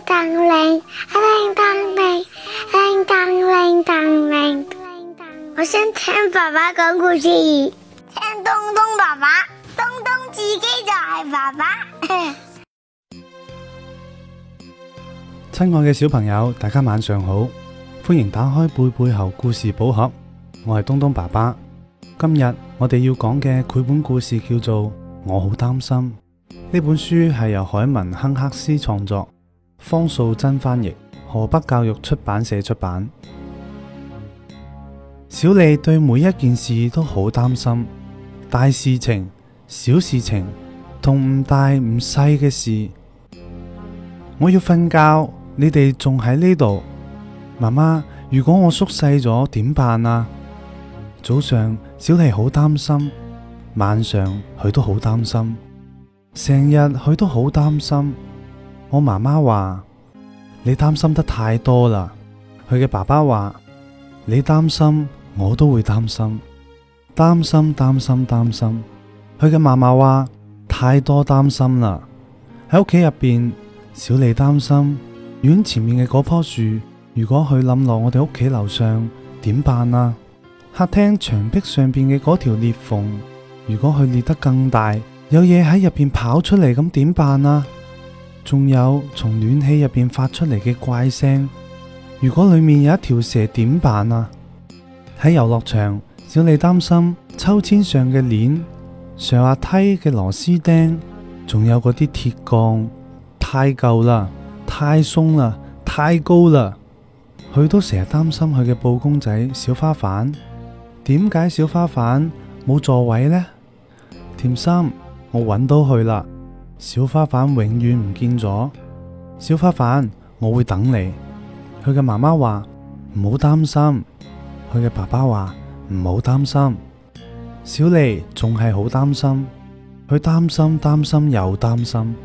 叮噹鈴，叮噹鈴，叮噹鈴，叮噹鈴，我想聽爸爸講故事。聽東東爸爸，東東自己就係爸爸。親愛嘅小朋友，大家晚上好，歡迎打開貝貝猴故事寶盒。我係東東爸爸，今日我哋要講嘅繪本故事叫做《我好擔心》。呢本書係由凱文亨克斯創作。方素珍翻譯，河北教育出版社出版。小莉對每一件事都好擔心，大事情、小事情同唔大唔細嘅事。我要瞓覺，你哋仲喺呢度。媽媽，如果我縮細咗點辦啊？早上小莉好擔心，晚上佢都好擔心，成日佢都好擔心。我媽媽話：你擔心得太多啦。佢嘅爸爸話：你擔心，我都會擔心。擔心，擔心，擔心。佢嘅嫲嫲話：太多擔心啦。喺屋企入邊，小莉擔心：院前面嘅嗰棵樹，如果佢冧落我哋屋企樓上，點辦啊？客廳牆壁上邊嘅嗰條裂縫，如果佢裂得更大，有嘢喺入邊跑出嚟，咁點辦啊？仲有從暖氣入邊發出嚟嘅怪聲，如果裏面有一條蛇，點辦啊？喺遊樂場，小莉擔心秋千上嘅鏈、上下梯嘅螺絲釘、仲有嗰啲鐵槓，太舊啦、太鬆啦、太高啦，佢都成日擔心佢嘅布公仔小花瓣。點解小花瓣冇座位呢？甜心，我揾到佢啦。小花瓣永遠唔見咗，小花瓣，我會等你。佢嘅媽媽話唔好擔心，佢嘅爸爸話唔好擔心。小莉仲係好擔心，佢擔心擔心又擔心。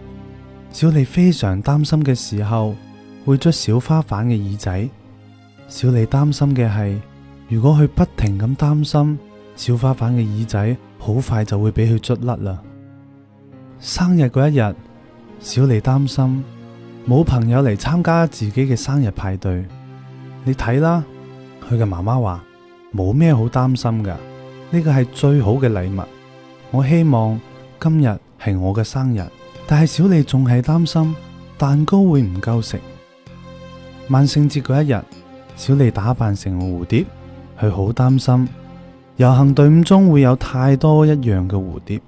小莉非常擔心嘅時候，會捉小花瓣嘅耳仔。小莉擔心嘅係，如果佢不停咁擔心，小花瓣嘅耳仔好快就會俾佢捉甩啦。生日嗰一日，小莉擔心冇朋友嚟參加自己嘅生日派對。你睇啦，佢嘅媽媽話冇咩好擔心㗎，呢個係最好嘅禮物。我希望今日係我嘅生日，但係小莉仲係擔心蛋糕會唔夠食。萬聖節嗰一日，小莉打扮成蝴蝶，佢好擔心遊行隊伍中會有太多一樣嘅蝴蝶。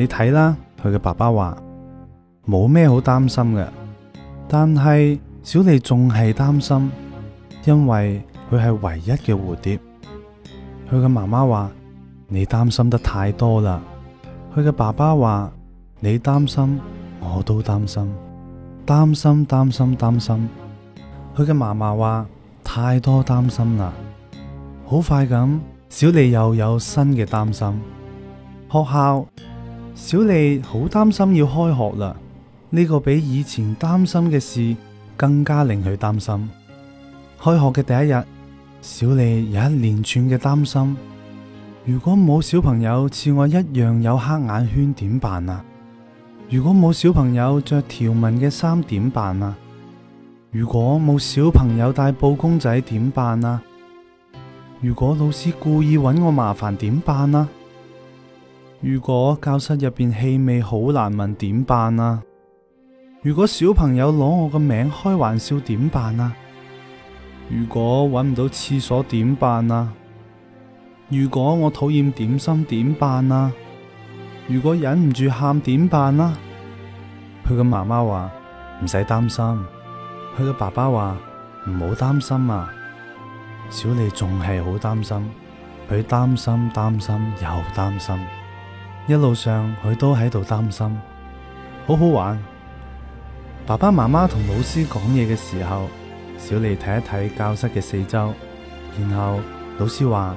你睇啦，佢嘅爸爸話冇咩好擔心嘅，但係小莉仲係擔心，因為佢係唯一嘅蝴蝶。佢嘅媽媽話，你擔心得太多啦。佢嘅爸爸話，你擔心我都擔心，擔心擔心擔心。佢嘅媽媽話，太多擔心啦。好快咁，小莉又有新嘅擔心。學校。小莉好擔心要開學啦，呢個比以前擔心嘅事更加令佢擔心。開學嘅第一日，小莉有一連串嘅擔心：如果冇小朋友似我一樣有黑眼圈點辦啊？如果冇小朋友着條紋嘅衫點辦啊？如果冇小朋友帶布公仔點辦啊？如果老師故意搵我麻煩點辦啊？如果教室入邊氣味好難聞，點辦啊？如果小朋友攞我個名開玩笑，點辦啊？如果揾唔到廁所，點辦啊？如果我討厭點心，點辦啊？如果忍唔住喊，點辦啊？佢個媽媽話唔使擔心，佢個爸爸話唔好擔心啊。小莉仲係好擔心，佢擔心擔心又擔心。一路上佢都喺度擔心，好好玩。爸爸媽媽同老師講嘢嘅時候，小莉睇一睇教室嘅四周，然後老師話：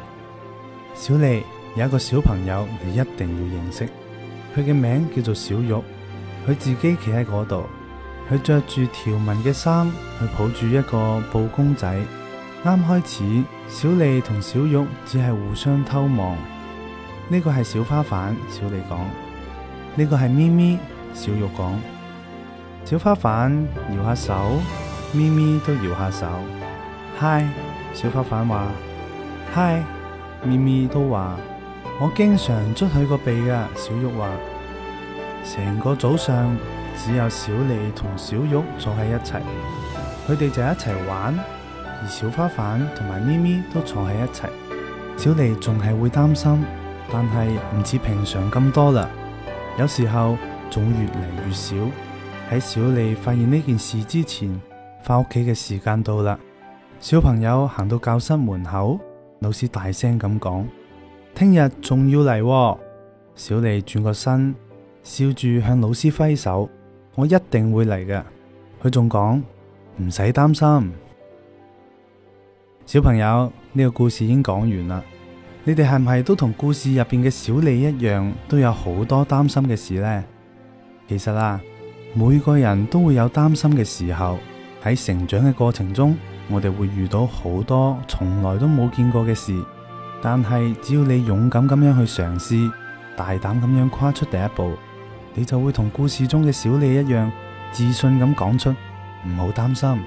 小莉，有一個小朋友你一定要認識，佢嘅名叫做小玉。佢自己企喺嗰度，佢着住條紋嘅衫，佢抱住一個布公仔。啱開始，小莉同小玉只係互相偷望。呢個係小花瓣，小莉講。呢個係咪咪，小玉講。小花瓣搖下手，咪咪都搖下手，嗨，小花瓣話。嗨，咪咪都話。我經常捉佢個鼻噶。小玉話。成個早上只有小莉同小玉坐喺一齊，佢哋就一齊玩，而小花瓣同埋咪咪都坐喺一齊。小莉仲係會擔心。但係唔似平常咁多啦，有時候仲越嚟越少。喺小莉發現呢件事之前，翻屋企嘅時間到啦。小朋友行到教室門口，老師大聲咁講：聽日仲要嚟喎。小莉轉個身，笑住向老師揮手：我一定會嚟嘅。佢仲講：唔使擔心。小朋友，呢個故事已經講完啦。你哋係唔係都同故事入邊嘅小莉一樣，都有好多擔心嘅事呢？其實啊，每個人都會有擔心嘅時候。喺成長嘅過程中，我哋會遇到好多從來都冇見過嘅事。但係只要你勇敢咁樣去嘗試，大膽咁樣跨出第一步，你就會同故事中嘅小莉一樣，自信咁講出唔好擔心。